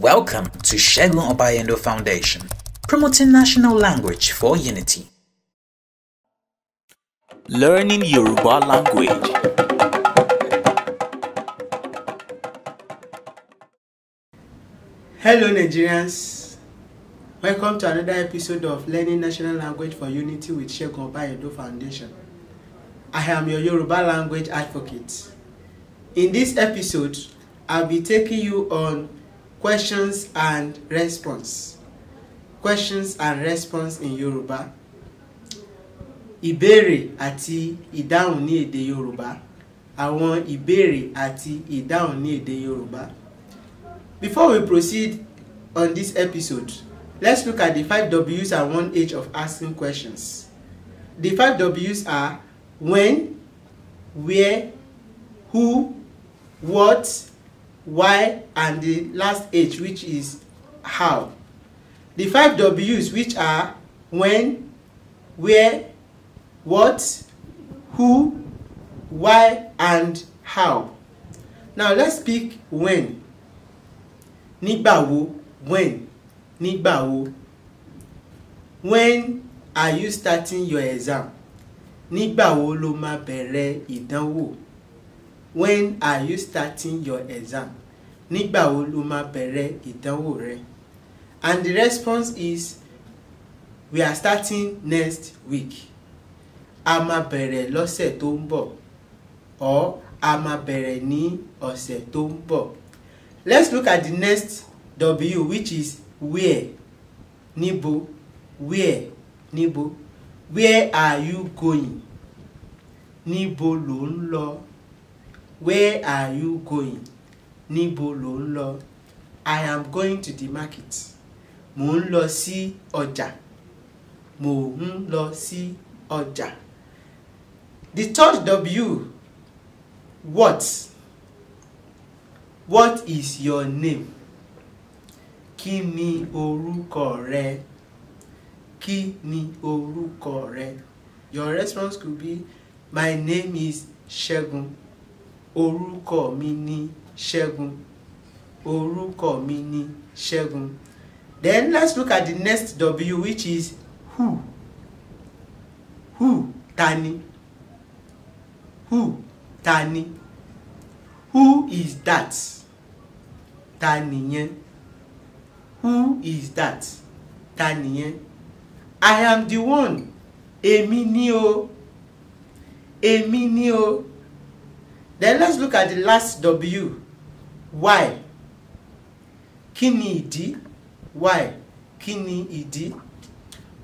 Welcome to Shegun Obayendo Foundation, promoting national language for unity. Learning Yoruba language. Hello, Nigerians. Welcome to another episode of Learning National Language for Unity with Shegun Obayendo Foundation. I am your Yoruba language advocate. In this episode, I'll be taking you on questions and response questions and response in Yoruba. ìbéèrè àti ìdáhùn ní èdè Yorùbá àwọn ìbéèrè àti ìdáhùn ní èdè Yorùbá. Before we proceed on this episode let's look at the five W's and one H of asking questions. The five W's are when, where, who, what, why and the last h which is how the five w's which are when where what who why and how now let's speak when nígbàwo when nígbàwo when are you starting your exam nígbàwo ló máa bẹ̀rẹ̀ ìdánwò when are you starting your exam nígbà wo lo máa bẹ̀rẹ̀ ìdánwò rẹ and the response is we are starting next week a máa bẹ̀rẹ̀ lọ́sẹ̀ tó ń bọ̀ or a máa bẹ̀rẹ̀ ní ọ̀sẹ̀ tó ń bọ̀ let's look at the next w which is where níbo where níbo where are you going níbo lo. ń lọ where are you going níbo lò ń lọ i am going to the market mò ń lọ sí ọjà mò ń lọ sí ọjà the third w what what is your name kí ni orúkọ rẹ kí ni orúkọ rẹ your response could be my name is Ṣẹ́gun orúkọ mi ni Ṣẹ́gun orúkọ mi ni Ṣẹ́gun then let's look at the next W which is who who tani who tani who is that taniyẹn who is that taniyẹn I am the one èmi ni o èmi ni o. Then let's look at the last W. Why? Kini idi? Why? Kini idi?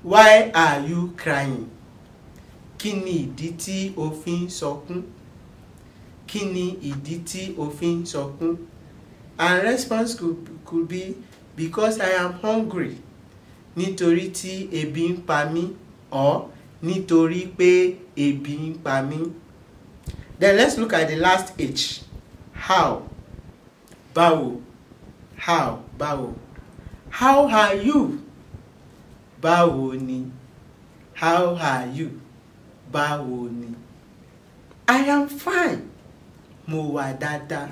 Why are you crying? Kini ni ìdí tí o fi ń sọkún? Kí ni ìdí o fi ń sọkún? And response could, could be because I am hungry nítorí tí ebi ń pa mí or nítorí pé ebi ń pa mí. Then let's look at the last H. How? Báwo. How? Báwo. How are you? Báwo ni. How are you? Báwo ni. I am fine. Mo wà dáadáa.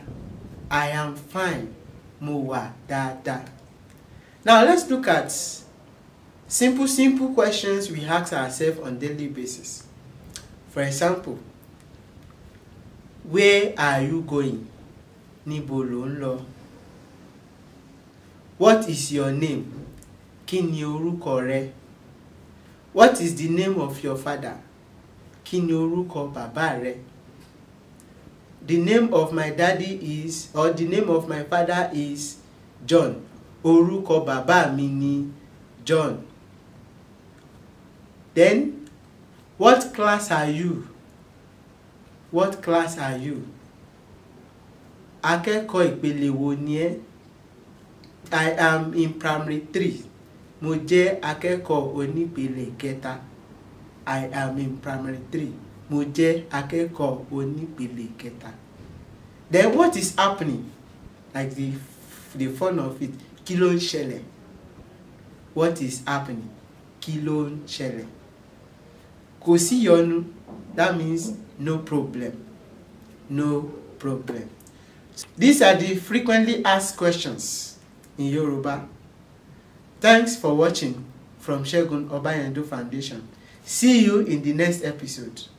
I am fine. Mo wà dáadáa. Now let's look at simple simple questions we ask ourselves on daily basis. For example, Where are you going? Níbo lò ń lọ? What is your name? Kí ni orúkọ rẹ? What is the name of your father? Kí ni orúkọ bàbá rẹ? The name of my daddy is or the name of my father is John. Orúkọ bàbá mi ni John. Then, what class are you? what class are you akẹ́kọ̀ọ́ ìpele wo ni ẹ́ i am in primary three mo jẹ́ akẹ́kọ̀ọ́ onípele kẹta i am in primary three mo jẹ́ akẹ́kọ̀ọ́ onípele kẹta then what is happening like the the fun of it kí ló ń ṣẹlẹ̀ what is happening kí ló ń ṣẹlẹ̀ kò sí that means no problem no problem these are the frequently asked questions in Yoruba thanks for watching from Segun Obayendo Foundation see you in the next episode